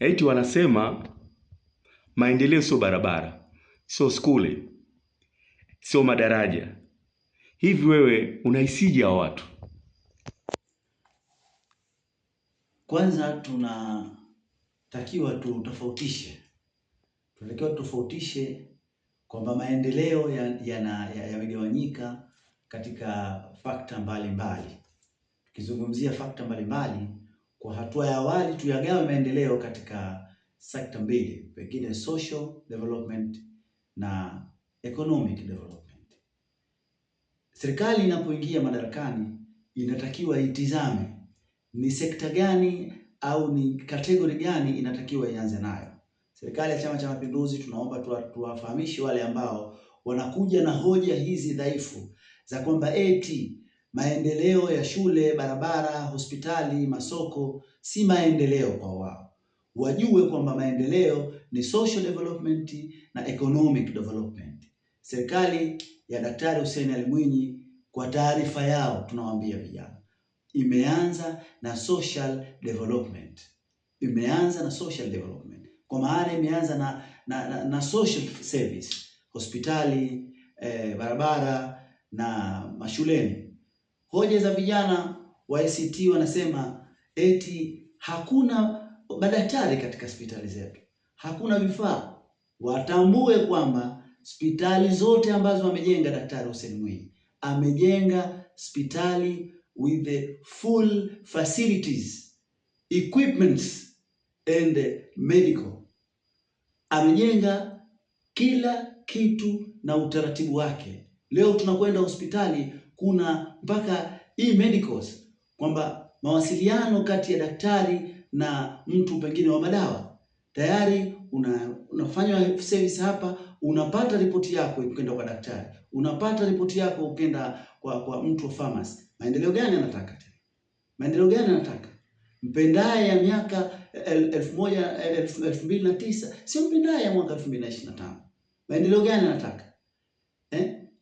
Eti wanasema maendeleo sio barabara, sio skule, sio madaraja. Hivi wewe unahisije hao watu? Kwanza tunatakiwa tutofautishe, tunatakiwa tutofautishe kwamba maendeleo yamegawanyika ya ya, ya katika fakta mbalimbali. Tukizungumzia fakta mbalimbali, kwa hatua ya awali, tuyagawe maendeleo katika sekta mbili, pengine social development na economic development. Serikali inapoingia madarakani, inatakiwa itizame ni sekta gani au ni kategori gani inatakiwa ianze nayo. Serikali ya Chama cha Mapinduzi tunaomba tuwafahamishe wale ambao wanakuja na hoja hizi dhaifu za kwamba eti Maendeleo ya shule, barabara, hospitali, masoko si maendeleo kwa wao. Wajue kwamba maendeleo ni social development na economic development. Serikali ya Daktari Hussein Ali Mwinyi, kwa taarifa yao tunawaambia vijana, imeanza na social development, imeanza na social development, kwa maana imeanza na, na, na, na social service, hospitali eh, barabara na mashuleni Hoja za vijana wa ACT wanasema eti hakuna madaktari katika hospitali zetu, hakuna vifaa. Watambue kwamba hospitali zote ambazo amejenga Daktari Hussein Mwinyi amejenga hospitali with the full facilities equipments and medical, amejenga kila kitu na utaratibu wake. Leo tunakwenda hospitali kuna mpaka hii medicals kwamba mawasiliano kati ya daktari na mtu pengine wa madawa tayari una, unafanywa service hapa, unapata ripoti yako ukenda kwa daktari, unapata ripoti yako ukenda kwa, kwa mtu wa pharmacy. Maendeleo gani anataka tena? Maendeleo gani anataka? Mpendaye ya miaka elfu moja elfu mbili na tisa sio mpendaye ya mwaka elfu mbili na ishirini na tano. Maendeleo gani anataka?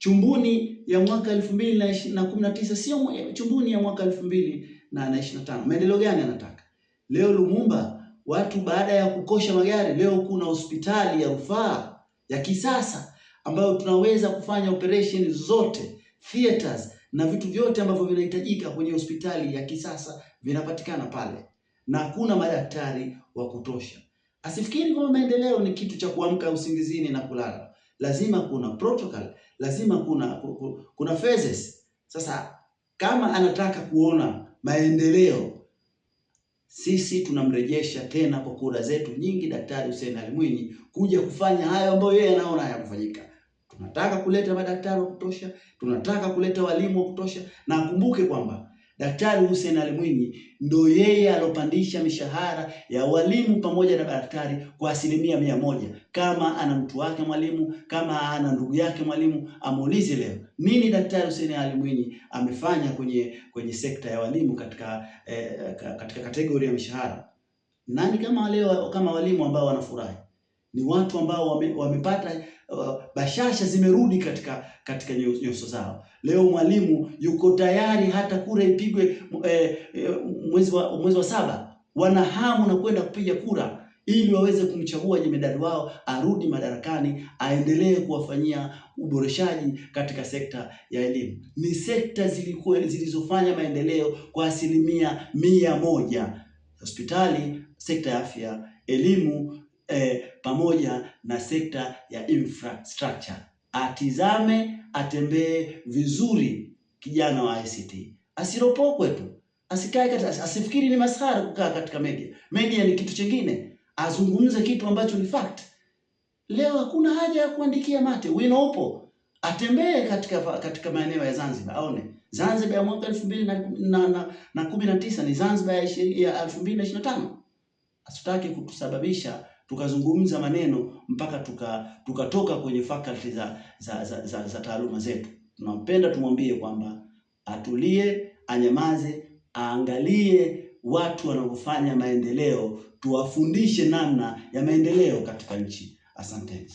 Chumbuni ya mwaka 2019 sio chumbuni ya mwaka 2025. Maendeleo gani anataka? Leo Lumumba, watu baada ya kukosha magari, leo kuna hospitali ya rufaa ya kisasa ambayo tunaweza kufanya operation zote, theaters na vitu vyote ambavyo vinahitajika kwenye hospitali ya kisasa vinapatikana pale, na kuna madaktari wa kutosha. Asifikiri kwamba maendeleo ni kitu cha kuamka usingizini na kulala lazima kuna protocol, lazima kuna kuna phases. Sasa kama anataka kuona maendeleo, sisi tunamrejesha tena kwa kura zetu nyingi Daktari Hussein Ali Mwinyi kuja kufanya hayo ambayo yeye anaona hayakufanyika. Tunataka kuleta madaktari wa kutosha, tunataka kuleta walimu wa kutosha, na akumbuke kwamba Daktari Hussein Ali Mwinyi ndo yeye alopandisha mishahara ya walimu pamoja na daktari kwa asilimia mia moja. Kama ana mtu wake mwalimu, kama ana ndugu yake mwalimu, amuulize leo nini Daktari Hussein Ali Mwinyi amefanya kwenye kwenye sekta ya walimu katika eh, katika kategori ya mishahara. Nani kama leo kama walimu ambao wanafurahi? ni watu ambao wame, wamepata uh, bashasha zimerudi katika katika nyuso zao. Leo mwalimu yuko tayari hata kura ipigwe eh, eh, mwezi wa, mwezi wa saba, wana hamu na kwenda kupiga kura ili waweze kumchagua jemedari wao arudi madarakani aendelee kuwafanyia uboreshaji katika sekta ya elimu. Ni sekta zilikuwa zilizofanya maendeleo kwa asilimia mia moja: hospitali, sekta ya afya, elimu eh, pamoja na sekta ya infrastructure. Atizame, atembee vizuri kijana wa ICT, asiropokwe tu, asikae asifikiri ni masara kukaa katika media. Media ni kitu chingine, azungumze kitu ambacho ni fact. Leo hakuna haja ya kuandikia mate, wino upo. Atembee katika katika maeneo ya Zanzibar aone Zanzibar ya mwaka elfu mbili na, na, na, na kumi na tisa ni Zanzibar ya elfu mbili na ishirini na tano. Asitaki kutusababisha tukazungumza maneno mpaka tukatoka tuka kwenye faculty za, za, za, za, za taaluma zetu. Tunapenda tumwambie kwamba atulie, anyamaze, aangalie watu wanaofanya maendeleo, tuwafundishe namna ya maendeleo katika nchi. Asanteni.